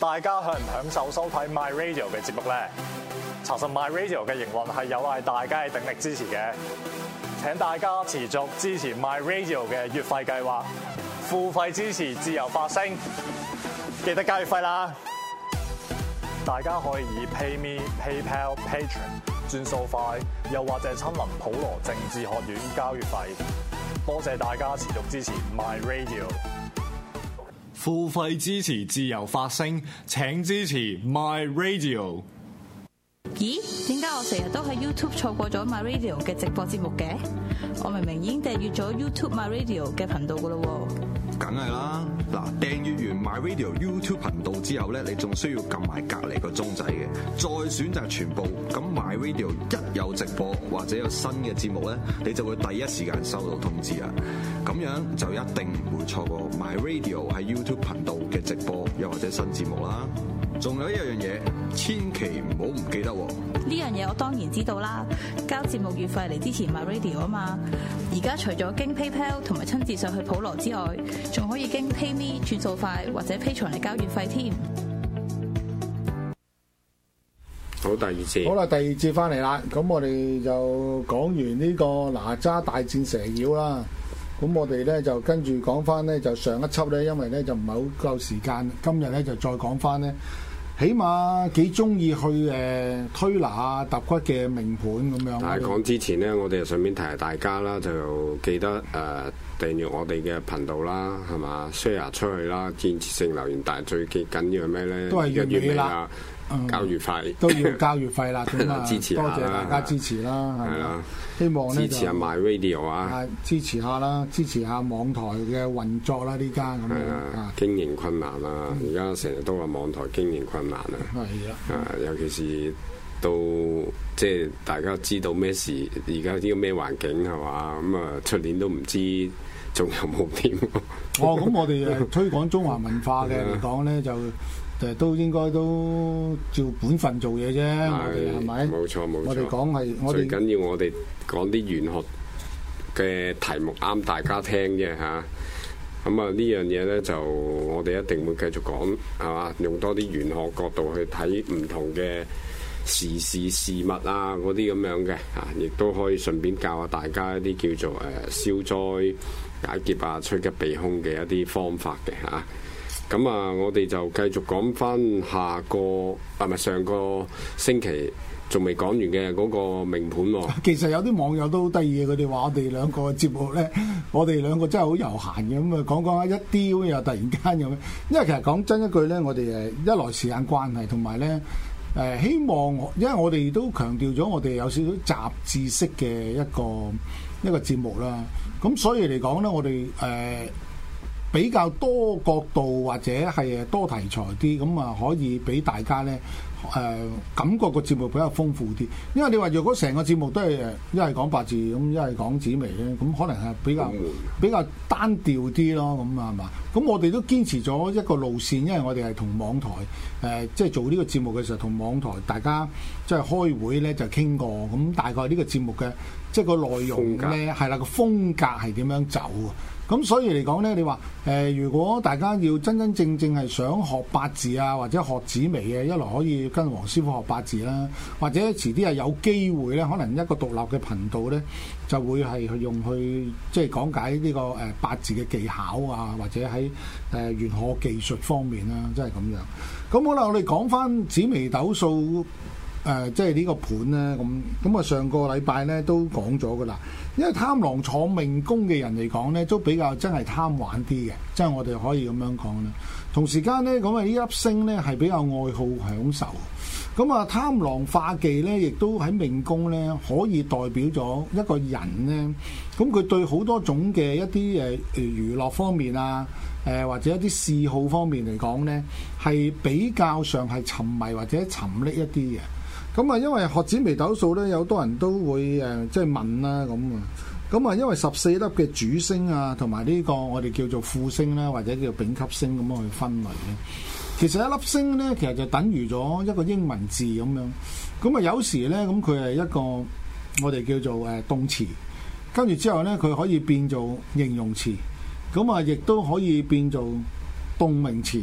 大家享唔享受收睇 My Radio 嘅節目咧？查實 My Radio 嘅營運係有賴大家嘅鼎力支持嘅，請大家持續支持 My Radio 嘅月費計劃，付費支持自由發聲，記得交月費啦！ 大家可以以 PayMe、PayPal、Patreon 轉數快，又或者親臨普羅政治學院交月費。多謝大家持續支持 My Radio。付費支持自由發聲，請支持 My Radio。咦？點解我成日都喺 YouTube 錯過咗 My Radio 嘅直播節目嘅？我明明已經訂閱咗 YouTube My Radio 嘅頻道噶咯喎。梗係啦，嗱，訂閱。My Radio YouTube 頻道之後咧，你仲需要撳埋隔離個鐘仔嘅，再選擇全部。咁 My Radio 一有直播或者有新嘅節目咧，你就會第一時間收到通知喇！咁樣就一定唔會錯過 My Radio 喺 YouTube 頻道嘅直播，又或者新節目啦。仲有一樣嘢，千祈唔好唔記得喎。呢樣嘢我當然知道啦，交節目月費嚟之前買 radio 啊嘛。而家除咗經 PayPal 同埋親自上去普羅之外，仲可以經 PayMe 轉數快或者 Pay 財嚟交月費添。好，第二次。好啦，第二節翻嚟啦。咁我哋就講完呢個哪吒大戰蛇妖啦。咁我哋咧就跟住講翻咧就上一輯咧，因為咧就唔係好夠時間。今日咧就再講翻咧。起碼幾中意去誒推拿啊、揼骨嘅名盤咁樣。但係講之前咧，嗯、我哋就順便提下大家啦，就記得誒、呃、訂閱我哋嘅頻道啦，係嘛 share 出去啦，建設性留言。但係最緊要係咩咧？都係月月啦，啦嗯、交月費。都要交月費啦，咁啊，多謝大家支持啦。係啦 吧。吧希望支持下 MyRadio 啊，啊，支持下啦，支持下網台嘅運作啦、啊，呢家咁的啊經營困難啊，而家成日都話網台經營困難啊，係的啊，啊尤其是到即係大家知道咩事，而家呢個咩環境係嘛，咁啊出年都唔知仲有冇掂。哦，咁、 哦、我哋誒推廣中華文化嘅嚟講咧就。的誒都應該都照本份做嘢啫，我哋係咪？冇錯冇錯。我哋講係最緊要，我哋講啲玄學嘅題目啱大家聽嘅。嚇、 啊。咁啊呢樣嘢咧就我哋一定會繼續講係嘛、啊，用多啲玄學角度去睇唔同嘅時事事事物啊嗰啲咁樣嘅啊，亦都可以順便教下大家一啲叫做誒消、啊、災解劫啊、催吉避凶嘅一啲方法嘅嚇。啊咁啊，我哋就繼續講翻下個，係咪上個星期仲未講完嘅嗰個名盤喎。其實有啲網友都好得意嘅，佢哋話我哋兩個節目咧，我哋兩個真係好悠閒嘅，咁啊講講下一啲又突然間咁。因為其實講真一句咧，我哋誒一來時間關係，同埋咧誒希望，因為我哋都強調咗，我哋有少少雜誌式嘅一個一個節目啦。咁所以嚟講咧，我哋誒。呃比較多角度或者係多題材啲，咁啊可以俾大家呢誒、呃、感覺個節目比較豐富啲。因為你話如果成個節目都係誒一係講八字，咁一係講紫微咧，咁可能係比較比較單調啲咯。咁啊係嘛？咁我哋都堅持咗一個路線，因為我哋係同網台誒、呃、即係做呢個節目嘅時候，同網台大家即係開會呢，就傾過。咁大概呢個節目嘅即係個內容呢，係啦，個風格係點樣走啊？咁所以嚟講呢，你話誒、呃，如果大家要真真正正係想學八字啊，或者學紫微嘅、啊，一來可以跟黃師傅學八字啦、啊，或者遲啲係有機會呢，可能一個獨立嘅頻道呢，就會係用去即係講解呢、呢個誒、呃、八字嘅技巧啊，或者喺誒玄學技術方面啦、啊，即係咁樣。咁好啦，我哋講翻紫微斗數。誒、呃，即係呢個盤咧，咁咁啊，上個禮拜咧都講咗㗎啦。因為貪狼坐命宮嘅人嚟講咧，都比較真係貪玩啲嘅，即係我哋可以咁樣講啦。同時間咧，咁啊，呢粒星咧係比較愛好享受。咁啊，貪狼化忌咧，亦都喺命宮咧，可以代表咗一個人咧。咁佢對好多種嘅一啲誒娛樂方面啊，誒、呃、或者一啲嗜好方面嚟講咧，係比較上係沉迷或者沉溺一啲嘅。咁啊，因為學紫微斗數咧，有多人都會誒、呃，即係問啦咁啊。咁啊，因為十四粒嘅主星啊，同埋呢個我哋叫做副星啦、啊，或者叫丙級星咁樣去分類咧。其實一粒星咧，其實就等於咗一個英文字咁樣。咁啊，有時咧，咁佢係一個我哋叫做誒、呃、動詞，跟住之後咧，佢可以變做形容詞。咁啊，亦都可以變做動名詞。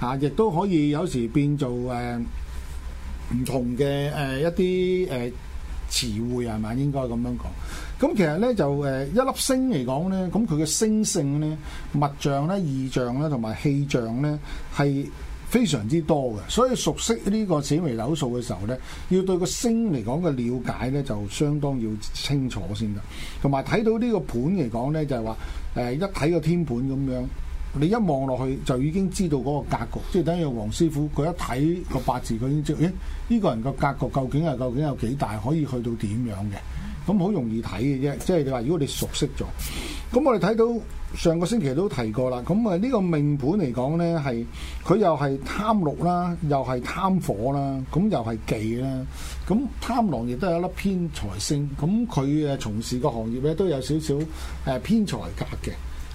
嚇、啊，亦都可以有時變做誒。呃唔同嘅誒、呃、一啲誒詞彙係咪應該咁樣講，咁、嗯、其實咧就誒、呃、一粒星嚟講咧，咁佢嘅星性咧、物象咧、異象咧同埋氣象咧係非常之多嘅，所以熟悉呢個紫微斗數嘅時候咧，要對個星嚟講嘅了解咧就相當要清楚先得，同埋睇到呢個盤嚟講咧就係話誒一睇個天盤咁樣。你一望落去就已經知道嗰個格局，即係等於黃師傅佢一睇個八字，佢已經知道誒呢、哎呢個人個格局究竟係究竟有幾大，可以去到點樣嘅？咁好容易睇嘅啫，即係你話如果你熟悉咗，咁我哋睇到上個星期都提過啦。咁啊，呢個命盤嚟講呢，係佢又係貪祿啦，又係貪火啦，咁又係忌啦，咁貪狼亦都係一粒偏財星。咁佢誒從事嘅行業咧都有少少誒偏財格嘅。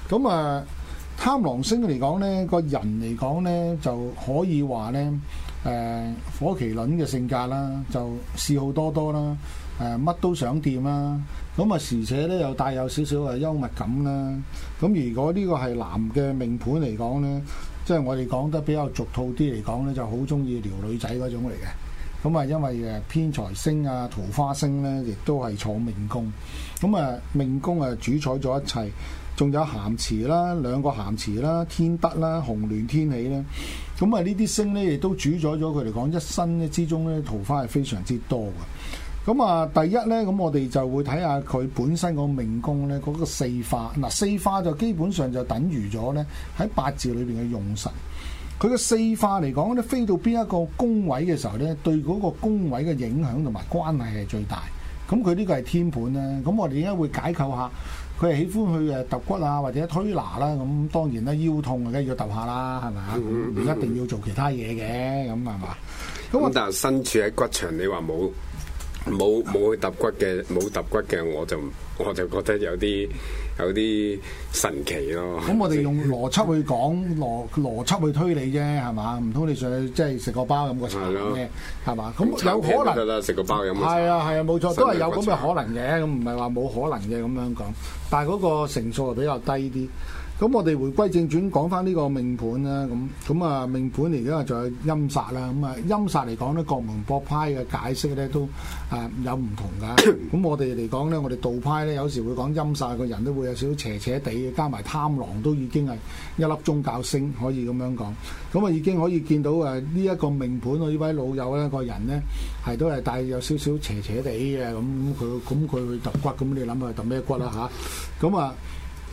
咁啊～貪狼星嚟講呢，個人嚟講呢就可以話呢誒、呃、火麒麟嘅性格啦，就嗜好多多啦，誒、呃、乜都想掂啦。咁啊，時且呢，又帶有少少嘅幽默感啦。咁如果呢個係男嘅命盤嚟講呢，即係、就是、我哋講得比較俗套啲嚟講呢就好中意撩女仔嗰種嚟嘅。咁啊，因為誒偏財星啊、桃花星呢，亦都係坐命宮。咁啊，命宮啊主宰咗一切。仲有咸池啦，兩個咸池啦，天德啦，紅鸞天喜啦。咁啊，呢啲星咧亦都主宰咗佢嚟講一生咧之中咧桃花係非常之多嘅。咁啊，第一咧，咁我哋就會睇下佢本身個命宮咧，嗰、嗰個四化嗱四化就基本上就等於咗咧喺八字裏邊嘅用神。佢嘅四化嚟講咧，飛到邊一個宮位嘅時候咧，對嗰個宮位嘅影響同埋關係係最大。咁佢呢個係天盤啦，咁我哋而家會解構下。佢係喜歡去誒揼骨啊，或者推拿啦。咁當然啦，腰痛梗要揼下啦，係咪啊？唔、嗯嗯、一定要做其他嘢嘅，咁係嘛？咁但係身處喺骨場，你話冇冇冇去揼骨嘅，冇揼骨嘅，我就我就覺得有啲有啲神奇咯，咁我哋用邏輯去講，邏 邏輯去推理啫，係嘛？唔通你上去，即係食個包飲個茶咩？係嘛了？咁有可能得啦，食個包飲個茶，係啊係啊，冇、啊、錯，都係有咁嘅可能嘅，咁唔係話冇可能嘅咁樣講，但係嗰個成數係比較低啲。咁我哋回歸正傳講翻呢個命盤啦，咁咁啊命盤嚟講啊，就係陰煞啦，咁啊陰煞嚟講咧，各門博派嘅解釋咧都啊有唔同噶。咁 我哋嚟講咧，我哋道派咧有時會講陰煞個人都會有少少斜斜地，加埋貪狼都已經係一粒宗教星，可以咁樣講。咁啊已經可以見到誒呢一個命盤啊，呢位老友咧，個人咧係都係帶有少少斜斜地嘅，咁佢咁佢會揼骨，咁你諗下揼咩骨啊嚇？咁啊～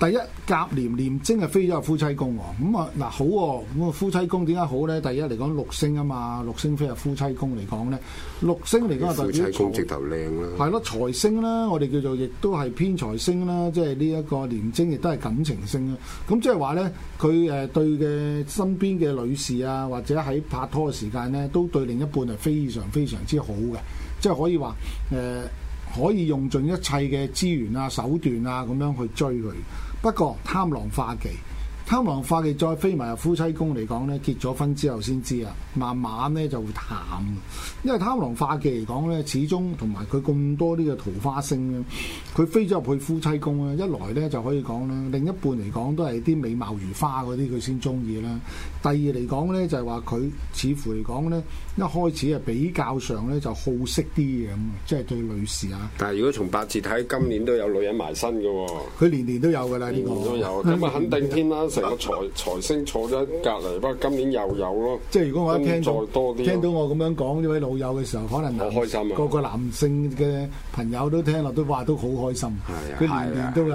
第一甲廉廉貞係飛咗入夫妻宮喎，咁啊嗱好喎、哦，咁啊夫妻宮點解好咧？第一嚟講祿星啊嘛，祿星飛入夫妻宮嚟講咧，祿星嚟講係代表財直頭靚啦，係咯財星啦，我哋叫做亦都係偏財星啦，即係呢一個廉貞亦都係感情星咧。咁即係話咧，佢誒對嘅身邊嘅女士啊，或者喺拍拖嘅時間咧，都對另一半係非常非常之好嘅，即係可以話誒、呃、可以用盡一切嘅資源啊、手段啊咁樣去追佢。不過，貪狼化忌。貪狼化忌再飛埋入夫妻宮嚟講咧，結咗婚之後先知啊，慢慢咧就會淡。因為貪狼化忌嚟講咧，始終同埋佢咁多呢個桃花星咧，佢飛咗入去夫妻宮咧，一來咧就可以講啦，另一半嚟講都係啲美貌如花嗰啲佢先中意啦。第二嚟講咧就係話佢似乎嚟講咧，一開始係比較上咧就好色啲嘅咁，即係對女士啊。但係如果從八字睇，今年都有女人埋身㗎喎。佢年年都有㗎啦，年年都有，咁啊肯定添啦。年財財星坐咗隔籬，不過今年又有咯。即係如果我一聽到聽到我咁樣講呢位老友嘅時候，可能好開心、啊、個個男性嘅朋友都聽落都話都好開心。係是啊，年年都有。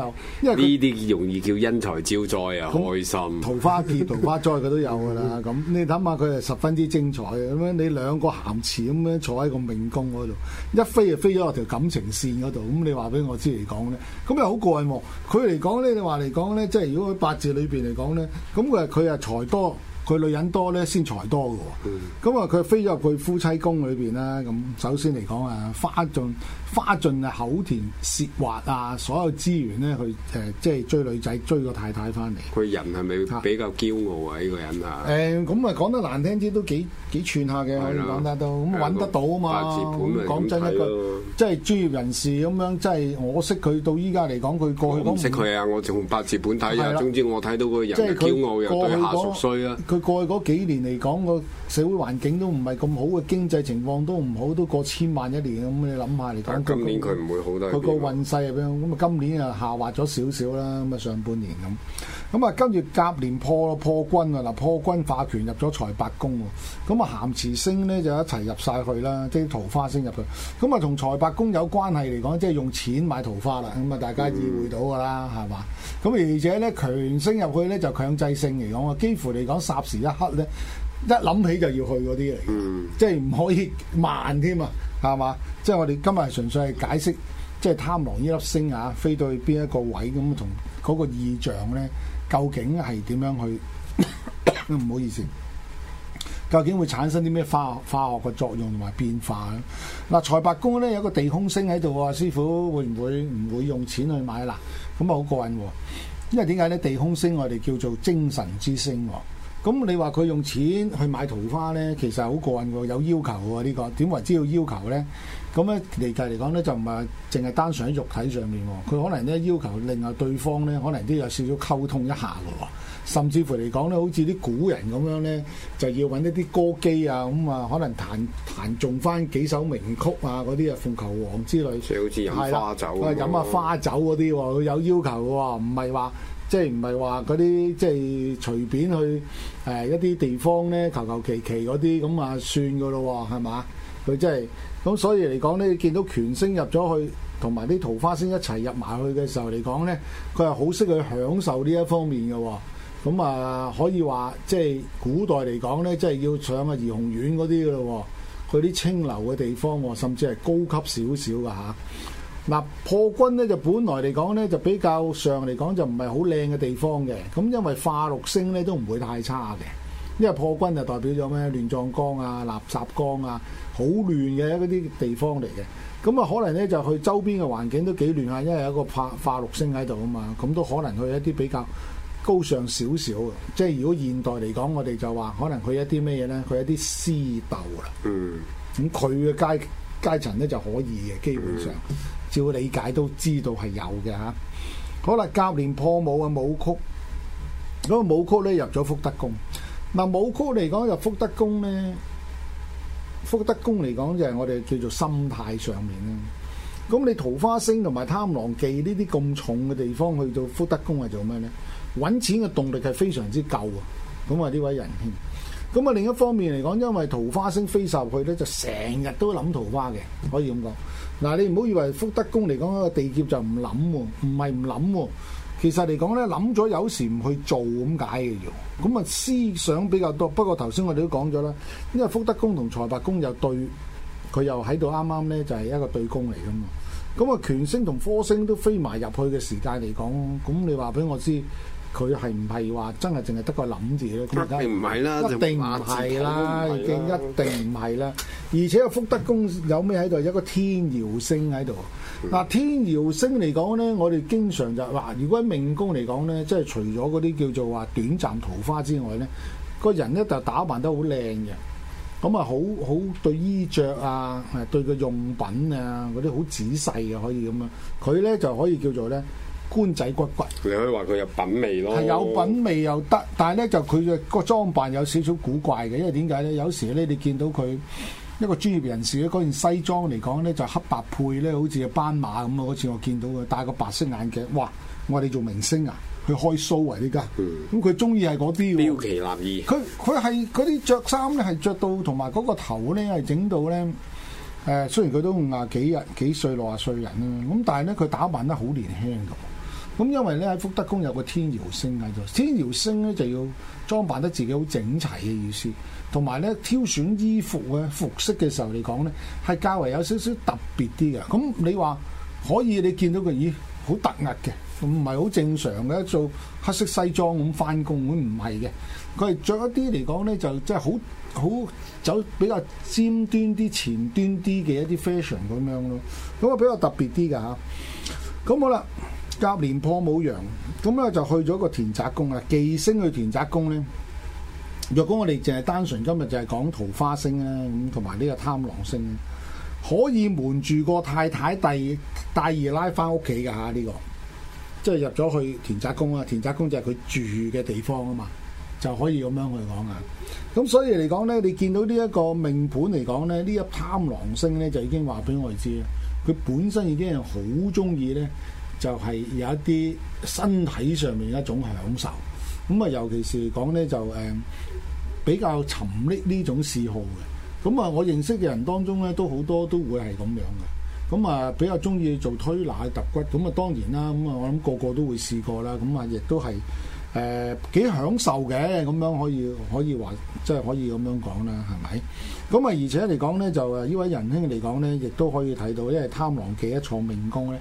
呢啲是、啊、容易叫因財招災啊，開心桃花劫、桃花災，佢都有噶啦。咁 你諗下，佢係十分之精彩嘅。咁樣你兩個咸池咁樣坐喺個命宮嗰度，一飛就飛咗落條感情線嗰度。咁你話俾我知嚟講咧，咁又好過癮。佢嚟講咧，你話嚟講咧，即係如果八字裏邊講咧，咁佢佢啊財多，佢女人多咧先財多嘅喎。咁啊佢飛咗入佢夫妻宮裏邊啦。咁首先嚟講啊，花進。花盡啊，口甜舌滑啊，所有資源咧，去誒、呃、即係追女仔追個太太翻嚟。佢人係咪比較驕傲啊？呢個人啊？誒咁啊講、欸、得難聽啲都幾幾串下嘅，可以講得到，咁揾、啊、得到啊嘛。八字盤咁講真、啊、一句，即係專業人士咁樣，即係我識佢到依家嚟講，佢過去唔識佢啊！我從八字盤睇啊，總之我睇到個人又驕傲又對下屬衰啦、啊。佢過去嗰幾年嚟講個。社會環境都唔係咁好嘅，經濟情況都唔好，都過千萬一年咁，你諗下嚟講，今年佢唔會好得。佢個運勢咁，咁啊，今年啊下滑咗少少啦。咁啊，上半年咁，咁啊，跟住甲年破破軍啊，嗱破軍化權入咗財帛宮喎，咁啊，咸池星咧就一齊入晒去啦，即係桃花星入去。咁啊，同財帛宮有關係嚟講，即係用錢買桃花啦。咁啊，大家意會到㗎啦，係嘛、嗯？咁而且咧，權星入去咧就強制性嚟講啊，幾乎嚟講霎時一刻咧。一諗起就要去嗰啲嚟嘅，mm. 即係唔可以慢添啊，係嘛？即係我哋今日純粹係解釋，即係貪狼呢粒星啊，飛到去邊一個位咁同嗰個意象咧，究竟係點樣去？唔 好意思，究竟會產生啲咩化學化學嘅作用同埋變化呢？嗱，財帛宮咧有一個地空星喺度啊，師傅會唔會唔會用錢去買嗱？咁啊好過癮喎！因為點解咧？地空星我哋叫做精神之星。咁你話佢用錢去買桃花呢，其實好過癮，有要求喎呢個，點為之要要求呢？咁咧，嚟計嚟講呢，就唔係淨係單純喺肉體上面喎，佢可能咧要求另外對方呢，可能都有少少溝通一下嘅喎。甚至乎嚟講咧，好似啲古人咁樣咧，就要揾一啲歌姬啊，咁啊，可能彈彈誦翻幾首名曲啊，嗰啲啊，鳳求凰之類，好似飲花酒嗰啲，飲下了花酒嗰啲喎，佢有要求嘅喎，唔係話即係唔係話嗰啲即係隨便去誒、呃、一啲地方咧，求求其其嗰啲咁啊算嘅咯喎，係嘛？佢真係咁，所以嚟講咧，你見到權星入咗去，同埋啲桃花星一齊入埋去嘅時候嚟講咧，佢係好識去享受呢一方面嘅喎。咁啊、嗯，可以話即係古代嚟講呢，即係要上啊怡紅院嗰啲嘅咯。去啲清流嘅地方，甚至係高級少少嘅嚇。嗱，破軍呢，就本來嚟講呢，就比較上嚟講就唔係好靚嘅地方嘅。咁因為化綠星呢，都唔會太差嘅，因為破軍就代表咗咩？亂葬崗啊、垃圾崗啊，好亂嘅一啲地方嚟嘅。咁、嗯、啊，可能呢，就去周邊嘅環境都幾亂啊，因為有一個化化綠星喺度啊嘛。咁都可能去一啲比較高尚少少嘅，即係如果現代嚟講，我哋就話可能佢一啲咩嘢咧？佢一啲私鬥啦。嗯，咁佢嘅階階層咧就可以嘅，基本上、嗯、照理解都知道係有嘅嚇。好啦，教練破武嘅武曲，嗰個武曲咧入咗福德宮。嗱，武曲嚟講入福德宮咧，福德宮嚟講就係我哋叫做心態上面咧。咁你桃花星同埋貪狼忌呢啲咁重嘅地方，去到福德宮係做咩咧？揾錢嘅動力係非常之夠啊。咁啊呢位仁兄，咁啊另一方面嚟講，因為桃花星飛入去咧，就成日都諗桃花嘅，可以咁講。嗱，你唔好以為福德宮嚟講一個地劫就唔諗喎，唔係唔諗喎。其實嚟講咧，諗咗有時唔去做咁解嘅要。咁啊、就是、思想比較多，不過頭先我哋都講咗啦，因為福德宮同財帛宮又對，佢又喺度啱啱咧就係、是、一個對宮嚟㗎嘛。咁啊權星同科星都飛埋入去嘅時間嚟講，咁你話俾我知。佢係唔係話真係淨係得個諗字咧？一定唔係啦，啦啦一定唔係啦，已一定唔係啦。而且個福德宮有咩喺度？有一個天姚星喺度。嗱、嗯，天姚星嚟講咧，我哋經常就話，如果喺命宮嚟講咧，即係除咗嗰啲叫做話短暫桃花之外咧，個人咧就打扮得好靚嘅，咁啊好好對衣着啊，誒對個用品啊嗰啲好仔細嘅，可以咁啊。佢咧就可以叫做咧。官仔骨骨，你可以話佢有品味咯。係有品味又得，但係咧就佢嘅個裝扮有少少古怪嘅，因為點解咧？有時咧你見到佢一個專業人士咧，嗰件西裝嚟講咧就係、黑白配咧，好似斑馬咁啊！好似我見到佢戴個白色眼鏡，哇！我哋做明星啊，去開 show 啊！依家，咁佢中意係嗰啲標奇立異。佢佢係嗰啲着衫咧，係着到同埋嗰個頭咧，係整到咧。誒、呃，雖然佢都五啊幾人、幾歲六啊歲人啊，咁但係咧佢打扮得好年輕㗎。咁因為咧喺福德宮有個天姚星喺度，天姚星咧就要裝扮得自己好整齊嘅意思，同埋咧挑選衣服咧服飾嘅時候嚟講咧，係較為有少少特別啲嘅。咁你話可以你見到佢，咦、哎，好突兀嘅，唔係好正常嘅，做黑色西裝咁返工，咁唔係嘅，佢係著一啲嚟講咧，就即係好好走比較尖端啲、前端啲嘅一啲 fashion 咁樣咯，咁啊比較特別啲㗎吓。咁好啦。甲年廉破武陽，咁咧就去咗個田宅宮啦。忌星去田宅宮咧，若果我哋淨係單純今日就係講桃花星咧，咁同埋呢個貪狼星可以瞞住個太太帶二奶翻屋企噶吓呢個，即係入咗去田宅宮啊！田宅宮就係佢住嘅地方啊嘛，就可以咁樣去講啊。咁所以嚟講咧，你見到呢一個命盤嚟講咧，呢一貪狼星咧就已經話俾我哋知，佢本身已經係好中意咧。就係有一啲身體上面一種享受，咁啊，尤其是嚟講咧，就誒、呃、比較沉溺呢種嗜好嘅，咁啊，我認識嘅人當中呢，都好多都會係咁樣嘅，咁啊，比較中意做推拿揼骨，咁啊當然啦，咁啊我諗個個都會試過啦，咁啊亦都係誒幾享受嘅，咁樣可以可以話即係可以咁樣講啦，係咪？咁啊而且嚟講呢，就誒呢位仁兄嚟講呢，亦都可以睇到，因為貪狼忌一坐命宮呢。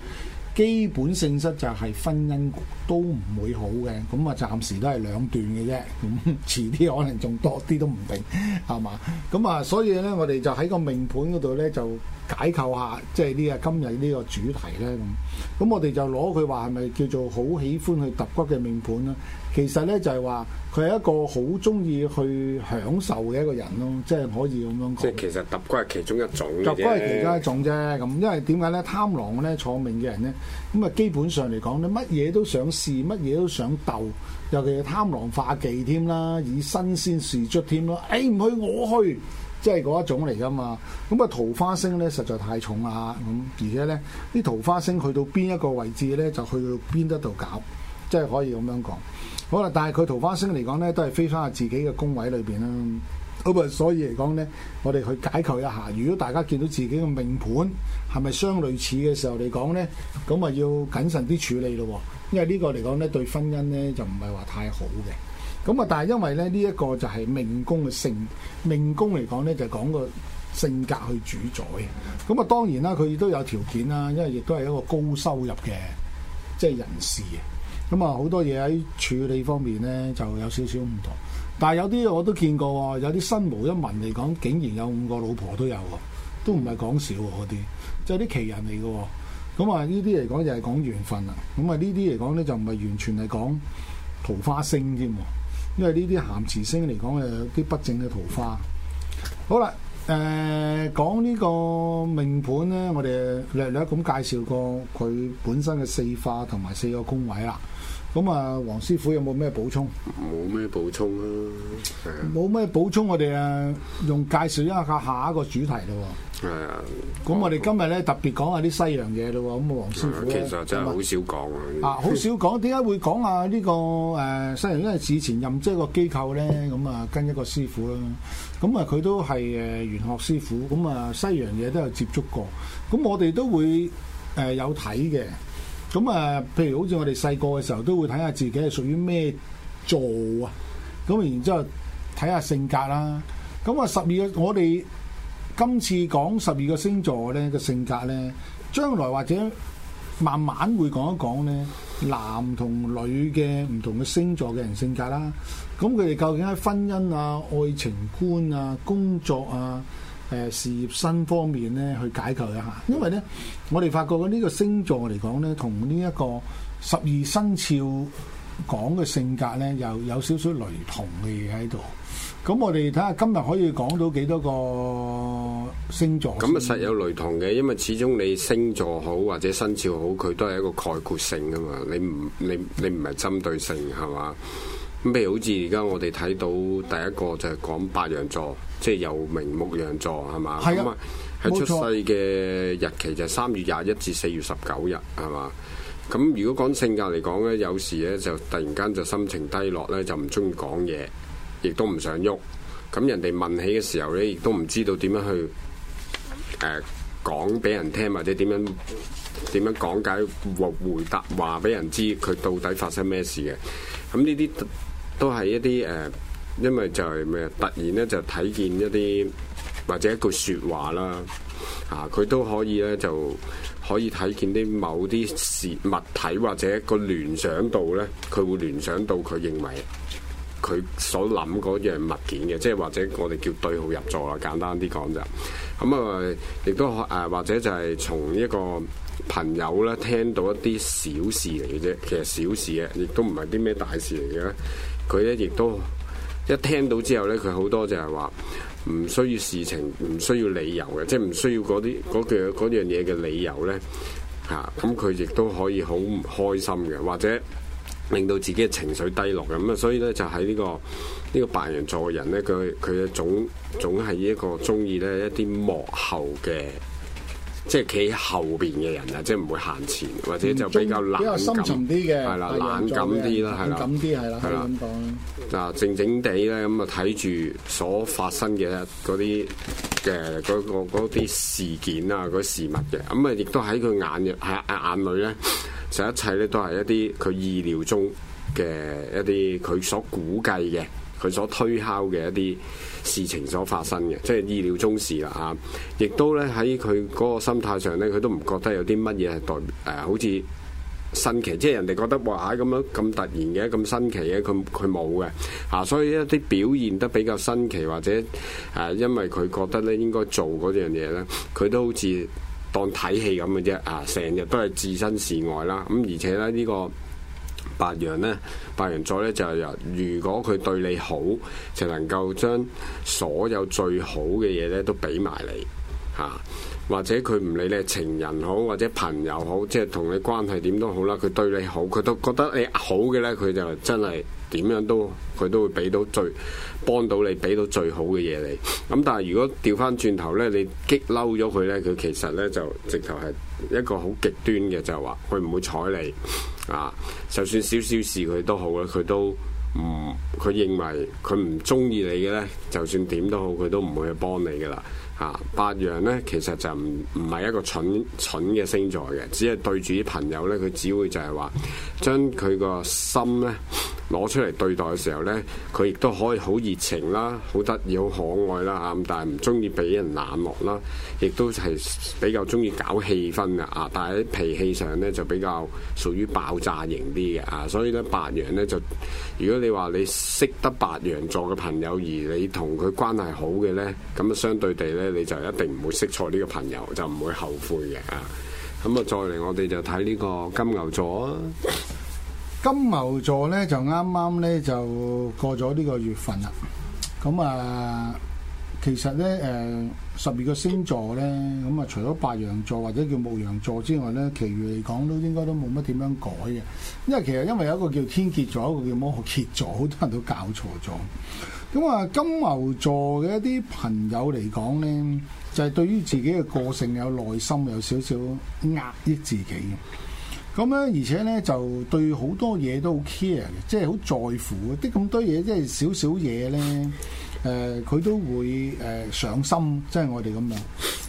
基本性質就係婚姻都唔會好嘅，咁啊暫時都係兩段嘅啫，咁、嗯、遲啲可能仲多啲都唔定，係嘛？咁啊，所以咧，我哋就喺個命盤嗰度咧，就解構下，即係呢個今日呢個主題咧咁。咁我哋就攞佢話係咪叫做好喜歡去揼骨嘅命盤咧？其實咧就係話佢係一個好中意去享受嘅一個人咯，即係可以咁樣講。即係其實揼骨係其中一種揼骨係其中一種啫。咁因為點解咧？貪狼咧，坐命嘅人咧，咁啊基本上嚟講咧，乜嘢都想試，乜嘢都想鬥。尤其係貪狼化忌添啦，以新鮮事足添咯。誒、欸、唔去我去，即係嗰一種嚟噶嘛。咁啊桃花星咧實在太重啦咁，而且咧啲桃花星去到邊一個位置咧，就去到邊一度搞，即係可以咁樣講。好啦，但係佢桃花星嚟講咧，都係飛翻喺自己嘅宮位裏邊啦。咁所以嚟講咧，我哋去解構一下。如果大家見到自己嘅命盤係咪相類似嘅時候嚟講咧，咁啊要謹慎啲處理咯。因為個呢個嚟講咧，對婚姻咧就唔係話太好嘅。咁啊，但係因為咧呢一、這個就係命宮嘅性命宮嚟講咧，就係、講個性格去主宰。咁啊，當然啦，佢亦都有條件啦，因為亦都係一個高收入嘅即係人士。咁啊，好多嘢喺處理方面咧，就有少少唔同。但係有啲我都見過，有啲身無一文嚟講，竟然有五個老婆都有喎，都唔係講笑喎嗰啲，即係啲奇人嚟嘅。咁啊，呢啲嚟講就係講緣分啊。咁啊，呢啲嚟講咧就唔係完全係講桃花星添，因為呢啲咸池星嚟講，誒有啲不正嘅桃花。好啦，誒、呃、講呢個命盤咧，我哋略略咁介紹過佢本身嘅四化同埋四個宮位啦。咁啊，黃師傅有冇咩補充？冇咩補充啊！冇、嗯、咩補充我，我哋啊用介紹一下下下一個主題咯、哦。係啊、哎，咁我哋今日咧特別講下啲西洋嘢咯。咁啊，黃師傅、嗯、其實真係好少講、這個、啊！好少講，點解會講啊？呢個誒西洋咧？事前任職一個機構咧，咁啊、嗯、跟一個師傅啦。咁啊，佢都係誒玄學師傅，咁啊西洋嘢都有接觸過。咁我哋都會誒有睇嘅。嗯咁啊，譬如好似我哋細個嘅時候都會睇下自己係屬於咩座啊，咁然之後睇下性格啦。咁啊，十二個我哋今次講十二個星座咧嘅性格咧，將來或者慢慢會講一講咧，男同女嘅唔同嘅星座嘅人嘅性格啦。咁佢哋究竟喺婚姻啊、愛情觀啊、工作啊，誒事業新方面咧，去解構一下，因為咧，我哋發覺呢個星座嚟講咧，同呢一個十二生肖講嘅性格咧，又有少少雷同嘅嘢喺度。咁、嗯、我哋睇下今日可以講到幾多個星座？咁啊，實有雷同嘅，因為始終你星座好或者生肖好，佢都係一個概括性㗎嘛。你唔你你唔係針對性係嘛？咁譬如好似而家我哋睇到第一個就係講白羊座，即係又名牧羊座，係嘛？係啊的，冇錯。係出世嘅日期就係三月廿一至四月十九日，係嘛？咁如果講性格嚟講咧，有時咧就突然間就心情低落咧，就唔中意講嘢，亦都唔想喐。咁人哋問起嘅時候咧，亦都唔知道點樣去誒、呃、講俾人聽，或者點樣點樣講解或回答話俾人知佢到底發生咩事嘅。咁呢啲。都係一啲誒、呃，因為就係、是、咩突然咧就睇見一啲或者一句説話啦，嚇、啊、佢都可以咧就可以睇見啲某啲事物體或者個聯想、想到咧，佢會聯想到佢認為佢所諗嗰樣物件嘅，即係或者我哋叫對號入座啦，簡單啲講就咁啊，亦、嗯呃、都誒、呃、或者就係從一個朋友咧聽到一啲小事嚟嘅啫，其實小事嘅，亦都唔係啲咩大事嚟嘅。佢咧亦都一聽到之後咧，佢好多就係話唔需要事情，唔需要理由嘅，即係唔需要嗰啲嗰樣嘢嘅理由咧嚇。咁佢亦都可以好唔開心嘅，或者令到自己嘅情緒低落嘅。咁啊，所以咧就喺呢個呢個白羊座嘅人咧，佢佢嘅總總係一個中意咧一啲幕後嘅。即係企喺後邊嘅人啊，即係唔會行前，或者就比較冷感啲嘅，係啦，冷感啲啦，係啦，感啲係啦，係啦，咁講啊，靜靜地咧咁啊睇住所發生嘅嗰啲嘅嗰個嗰啲事件啊，嗰事物嘅，咁啊亦都喺佢眼入係眼裏咧，就一切咧都係一啲佢意料中嘅一啲佢所估計嘅，佢所推敲嘅一啲。事情所發生嘅，即係意料中事啦嚇。亦、啊、都咧喺佢嗰個心態上咧，佢都唔覺得有啲乜嘢係代誒、呃，好似新奇，即係人哋覺得哇咁、啊、樣咁突然嘅、咁新奇嘅，佢佢冇嘅嚇。所以一啲表現得比較新奇或者誒、啊，因為佢覺得咧應該做嗰樣嘢咧，佢都好似當睇戲咁嘅啫嚇，成、啊、日都係置身事外啦。咁、啊、而且咧呢、呢個。白羊呢，白羊座呢，就又、係，如果佢對你好，就能夠將所有最好嘅嘢呢都俾埋你嚇、啊，或者佢唔理你係，情人好或者朋友好，即係同你關係點都好啦，佢對你好，佢都覺得你好嘅呢，佢就真係。點樣都佢都會俾到最幫到你，俾到最好嘅嘢你。咁但係如果調翻轉頭呢，你激嬲咗佢呢，佢其實呢就直頭係一個好極端嘅，就係話佢唔會睬你啊。就算少少事佢都好啦，佢都唔佢、嗯、認為佢唔中意你嘅呢，就算點都好，佢都唔會去幫你噶啦。啊，白羊呢，其實就唔唔係一個蠢蠢嘅星座嘅，只係對住啲朋友呢，佢只會就係話將佢個心呢，攞出嚟對待嘅時候呢，佢亦都可以好熱情啦，好得意、好可愛啦嚇，但係唔中意俾人冷落啦，亦都係比較中意搞氣氛嘅啊。但係喺脾氣上呢，就比較屬於爆炸型啲嘅啊。所以咧，白羊呢，就，如果你話你識得白羊座嘅朋友，而你同佢關係好嘅呢，咁啊，相對地呢，你就一定唔會識錯呢個朋友，就唔會後悔嘅啊。咁啊，再嚟我哋就睇呢個金牛座啊。金牛座咧就啱啱咧就過咗呢個月份啦，咁、嗯、啊，其實咧誒十二個星座咧，咁、嗯、啊除咗白羊座或者叫牧羊座之外咧，其餘嚟講都應該都冇乜點樣改嘅。因為其實因為有一個叫天蠍座，一個叫魔羯座，好多人都搞錯咗。咁、嗯、啊，金牛座嘅一啲朋友嚟講咧，就係、是、對於自己嘅個性有內心有少少壓抑自己嘅。咁咧，而且呢，就對好多嘢都好 care 即係好在乎啲咁多嘢，即係少少嘢呢，誒、呃、佢都會誒、呃、上心，即係我哋咁樣。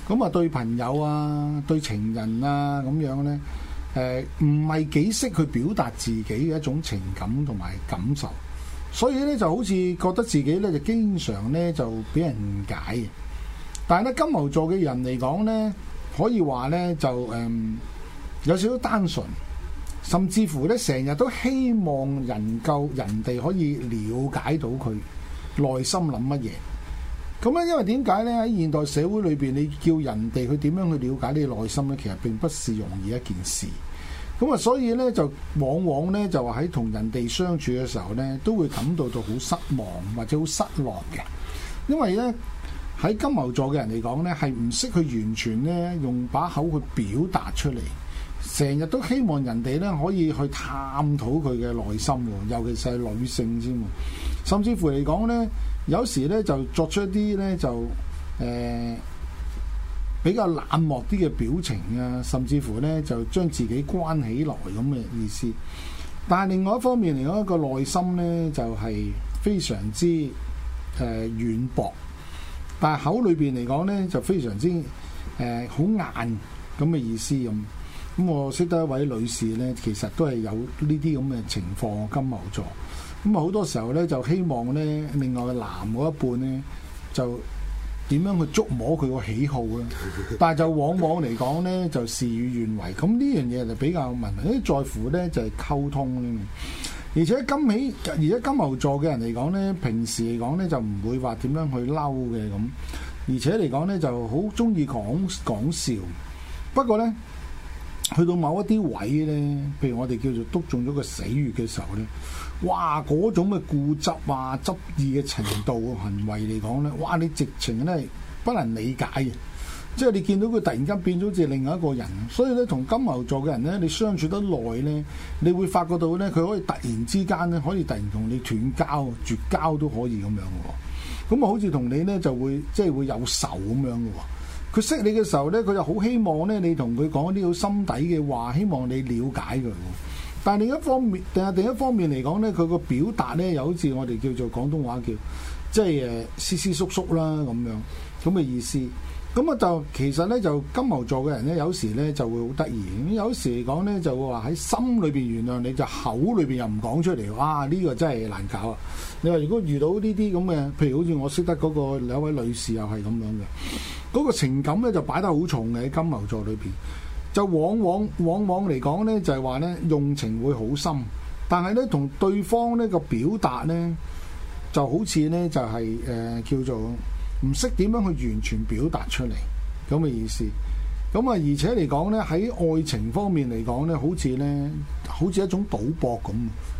咁啊，對朋友啊，對情人啊咁樣呢，誒唔係幾識去表達自己嘅一種情感同埋感受。所以呢，就好似覺得自己呢，就經常呢，就俾人誤解嘅。但係咧金牛座嘅人嚟講呢，可以話呢，就誒。嗯有少少單純，甚至乎咧，成日都希望人能夠人哋可以了解到佢內心諗乜嘢。咁咧，因為點解呢？喺現代社會裏邊，你叫人哋去點樣去了解你內心呢？其實並不是容易一件事。咁啊，所以呢，就往往呢，就話喺同人哋相處嘅時候呢，都會感到到好失望或者好失落嘅。因為呢，喺金牛座嘅人嚟講呢，係唔識去完全呢，用把口去表達出嚟。成日都希望人哋咧可以去探討佢嘅內心喎，尤其是女性先，甚至乎嚟講呢，有時呢就作出一啲呢就誒、呃、比較冷漠啲嘅表情啊，甚至乎呢就將自己關起來咁嘅意思。但係另外一方面嚟講，個內心呢就係非常之誒、呃、軟薄，但係口裏邊嚟講呢，就非常之誒好、呃、硬咁嘅意思咁。咁、嗯、我識得一位女士呢，其實都係有呢啲咁嘅情況。金牛座咁啊，好、嗯、多時候呢，就希望呢另外嘅男嗰一半呢，就點樣去捉摸佢個喜好啊。但係就往往嚟講呢，就事與願違。咁、嗯、呢樣嘢就比較問題，誒在乎呢就係、是、溝通。而且金起，而且金牛座嘅人嚟講呢，平時嚟講呢，就唔會話點樣去嬲嘅咁，而且嚟講呢，就好中意講講笑。不過呢，去到某一啲位呢，譬如我哋叫做篤中咗個死穴嘅時候呢，哇！嗰種嘅固執啊、執意嘅程度行為嚟講呢，哇！你直情係不能理解嘅，即係你見到佢突然間變咗好似另外一個人，所以呢，同金牛座嘅人呢，你相處得耐呢，你會發覺到呢，佢可以突然之間呢，可以突然同你斷交、絕交都可以咁樣喎。咁啊，好似同你呢就會即係、就是、會有仇咁樣嘅喎。佢識你嘅時候呢，佢就好希望呢，你同佢講啲好心底嘅話，希望你了解佢。但係另一方面，定係另一方面嚟講呢，佢個表達呢，又好似我哋叫做廣東話叫，即係誒斯斯縮縮啦咁樣咁嘅意思。咁啊，就其實咧，就金牛座嘅人咧，有時咧就會好得意。咁有時嚟講咧，就會話喺心裏邊原諒你，就口裏邊又唔講出嚟。哇！呢個真係難搞啊！你話如果遇到呢啲咁嘅，譬如好似我識得嗰個兩位女士又係咁樣嘅，嗰個情感咧就擺得好重嘅喺金牛座裏邊。就往往往往嚟講咧，就係話咧用情會好深，但係咧同對方呢個表達咧就好似咧就係誒叫做。唔識點樣去完全表達出嚟咁嘅意思，咁、嗯、啊而且嚟講呢，喺愛情方面嚟講呢，好似呢，好似一種賭博咁，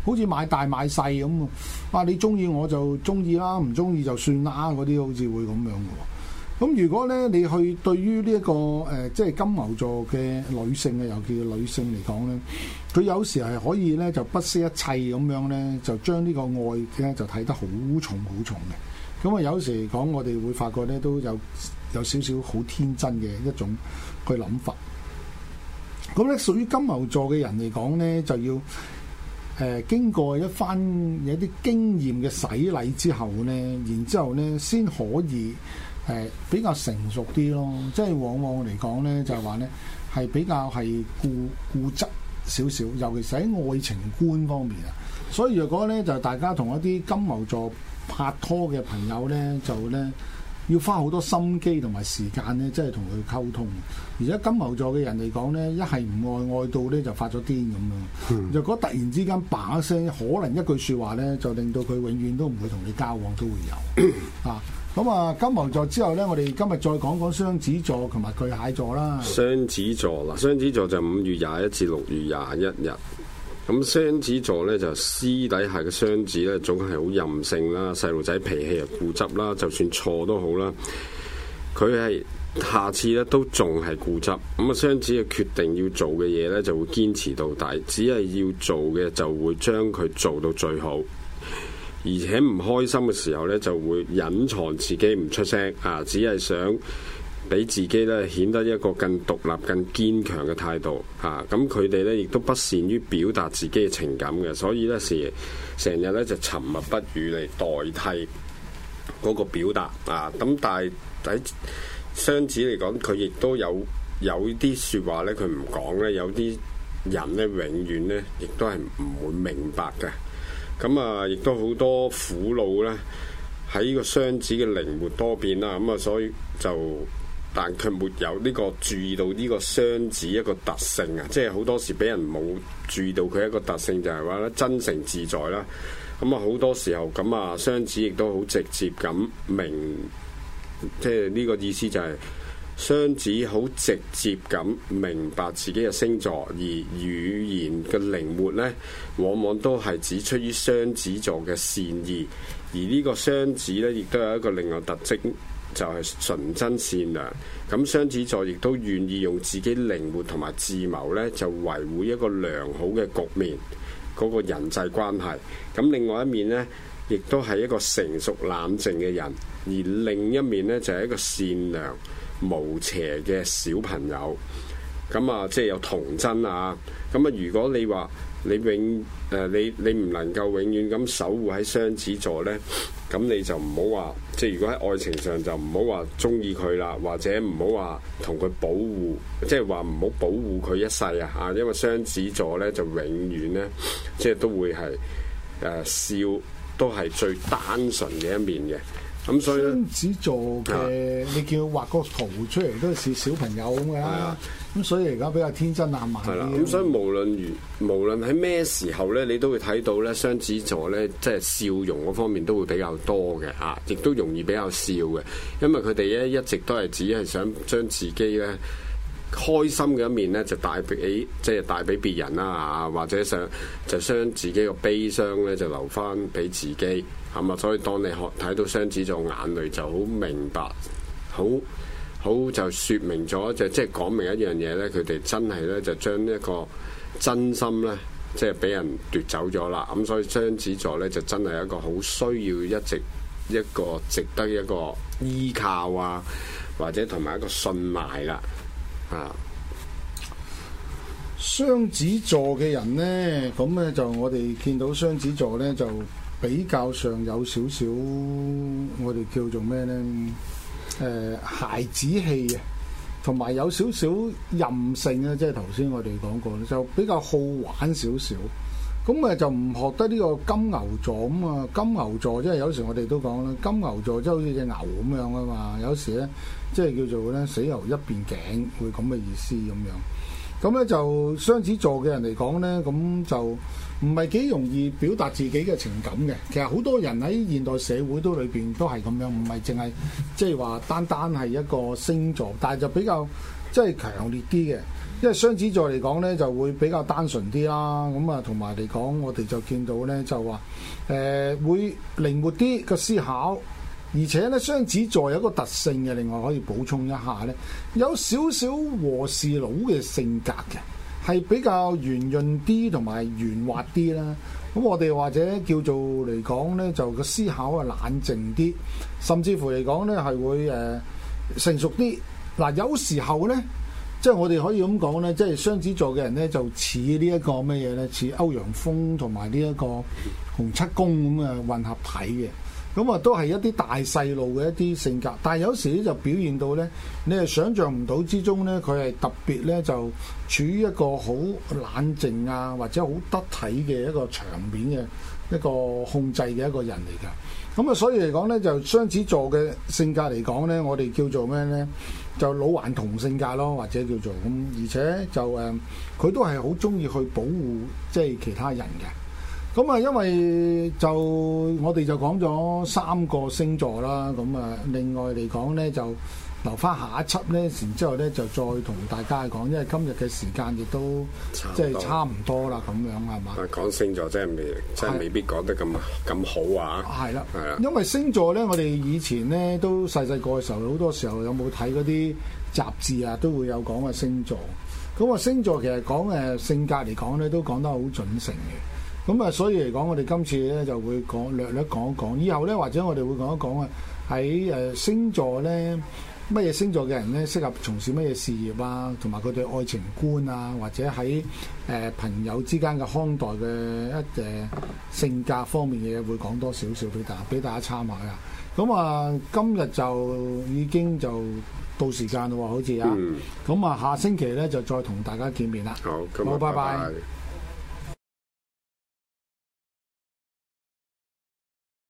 好似買大買細咁啊！你中意我就中意啦，唔中意就算啦，嗰啲好似會咁樣嘅。咁、嗯、如果呢，你去對於呢、這、一個誒即係金牛座嘅女性啊，尤其女性嚟講呢，佢有時係可以呢，就不惜一切咁樣呢，就將呢個愛呢，就睇得好重好重嘅。咁啊、嗯，有時嚟講，我哋會發覺咧都有有少少好天真嘅一種嘅諗法。咁、嗯、咧，屬於金牛座嘅人嚟講咧，就要誒、呃、經過一番有啲經驗嘅洗禮之後咧，然之後咧先可以誒、呃、比較成熟啲咯。即係往往嚟講咧，就係話咧係比較係固固執少少，尤其係喺愛情觀方面啊。所以若果咧，就大家同一啲金牛座。拍拖嘅朋友呢，就呢要花好多心機同埋時間呢，即係同佢溝通。而家金牛座嘅人嚟講呢，一係唔愛，愛到呢，就發咗癲咁樣。如果、嗯、突然之間把聲，可能一句說話呢，就令到佢永遠都唔會同你交往都會有。啊，咁 啊，金牛座之後呢，我哋今日再講講雙子座同埋巨蟹座啦。雙子座啦，雙子座就五月廿一至六月廿一日。咁雙子座呢，就私底下嘅雙子呢，總係好任性啦，細路仔脾氣又固執啦，就算錯都好啦。佢係下次呢都仲係固執咁啊。雙子嘅決定要做嘅嘢呢，就會堅持到底，只係要做嘅就會將佢做到最好，而且唔開心嘅時候呢，就會隱藏自己唔出聲啊，只係想，畀自己咧顯得一個更獨立、更堅強嘅態度嚇，咁佢哋咧亦都不善於表達自己嘅情感嘅，所以咧係成日咧就沉默不語嚟代替嗰個表達啊。咁但係喺雙子嚟講，佢亦都有有啲説話咧，佢唔講咧，有啲人咧永遠咧亦都係唔會明白嘅。咁啊，亦都好多苦惱咧喺呢個雙子嘅靈活多變啦，咁啊，所以就～但佢沒有呢、這個注意到呢個雙子一個特性啊，即係好多時俾人冇注意到佢一個特性，就係話咧，真誠自在啦。咁啊，好多時候咁啊，雙子亦都好直接咁明，即係呢個意思就係、是、雙子好直接咁明白自己嘅星座，而語言嘅靈活呢，往往都係指出於雙子座嘅善意，而呢個雙子呢，亦都有一個另外特徵。就係純真善良，咁雙子座亦都願意用自己靈活同埋智謀呢，就維護一個良好嘅局面，嗰、那個人際關係。咁另外一面呢，亦都係一個成熟冷靜嘅人，而另一面呢，就係、是、一個善良無邪嘅小朋友。咁啊，即係有童真啊。咁啊，如果你話你永誒、呃、你你唔能夠永遠咁守護喺雙子座呢。咁你就唔好話，即係如果喺愛情上就唔好話中意佢啦，或者唔好話同佢保護，即係話唔好保護佢一世啊！啊，因為雙子座咧就永遠咧，即係都會係誒、呃、笑，都係最單純嘅一面嘅。咁、啊、所以雙子座嘅、啊、你叫佢畫個圖出嚟都似小朋友咁嘅。啊。咁所以而家比較天真爛漫？係、嗯、啦，咁所以無論如無論喺咩時候咧，你都會睇到咧雙子座咧，即係笑容嗰方面都會比較多嘅嚇，亦、啊、都容易比較笑嘅，因為佢哋咧一直都係只係想將自己咧開心嘅一面咧就帶俾即係帶俾別人啦嚇、啊，或者想就將自己個悲傷咧就留翻俾自己，係嘛？所以當你看睇到雙子座眼淚，就好明白好。好就説明咗，就、就是、即係講明一樣嘢咧，佢哋真係咧就將呢一個真心咧，即係俾人奪走咗啦。咁、嗯、所以雙子座咧就真係一個好需要一直一個值得一個依靠啊，或者同埋一個信賴啦、啊。啊，雙子座嘅人咧，咁咧就我哋見到雙子座咧就比較上有少少，我哋叫做咩咧？誒、嗯、孩子氣嘅，同埋有少少任性咧，即係頭先我哋講過，就比較好玩少少。咁啊，就唔學得呢個金牛座咁啊。金牛座即係有時我哋都講啦，金牛座即係好似隻牛咁樣啊嘛。有時咧，即係叫做咧死牛一邊頸，會咁嘅意思咁樣。咁咧就雙子座嘅人嚟講咧，咁就。唔係幾容易表達自己嘅情感嘅，其實好多人喺現代社會都裏邊都係咁樣，唔係淨係即係話單單係一個星座，但係就比較即係強烈啲嘅。因為雙子座嚟講呢，就會比較單純啲啦。咁啊，同埋嚟講，我哋就見到呢，就話誒、呃、會靈活啲嘅思考，而且呢，雙子座有一個特性嘅，另外可以補充一下呢，有少少和事佬嘅性格嘅。係比較圓潤啲同埋圓滑啲啦，咁我哋或者叫做嚟講呢，就個思考啊冷靜啲，甚至乎嚟講呢係會誒、呃、成熟啲。嗱、啊、有時候呢，即、就、係、是、我哋可以咁講呢，即、就、係、是、雙子座嘅人呢，就似呢一個咩嘢呢？似歐陽鋒同埋呢一個洪七公咁嘅混合體嘅。咁啊，都係一啲大細路嘅一啲性格，但係有時咧就表現到咧，你係想象唔到之中咧，佢係特別咧就處於一個好冷靜啊，或者好得體嘅一個場面嘅一個控制嘅一個人嚟㗎。咁、嗯、啊，所以嚟講咧，就雙子座嘅性格嚟講咧，我哋叫做咩咧？就老頑童性格咯，或者叫做咁。而且就誒，佢、嗯、都係好中意去保護即係、就是、其他人嘅。咁啊，因為就我哋就講咗三個星座啦，咁啊，另外嚟講咧，就留翻下一輯咧，然之後咧就再同大家講，因為今日嘅時間亦都即係差唔多啦，咁樣係嘛？但係講星座真係未真係未必講得咁咁好啊！係啦，係啦，因為星座咧，我哋以前咧都細細個嘅時候，好多時候有冇睇嗰啲雜誌啊，都會有講啊星座。咁啊，星座其實講誒性格嚟講咧，都講得好準成嘅。咁啊，所以嚟講，我哋今次咧就會講略略講一講，以後咧或者我哋會講一講啊，喺誒星座咧，乜嘢星座嘅人咧適合從事乜嘢事業啊，同埋佢哋愛情觀啊，或者喺誒、呃、朋友之間嘅看待嘅一誒性格方面嘅嘢，會講多少少俾大俾大家參考啊。咁啊，今日就已經就到時間啦喎，好似啊，咁、嗯、啊，下星期咧就再同大家見面啦。好，今晚拜拜。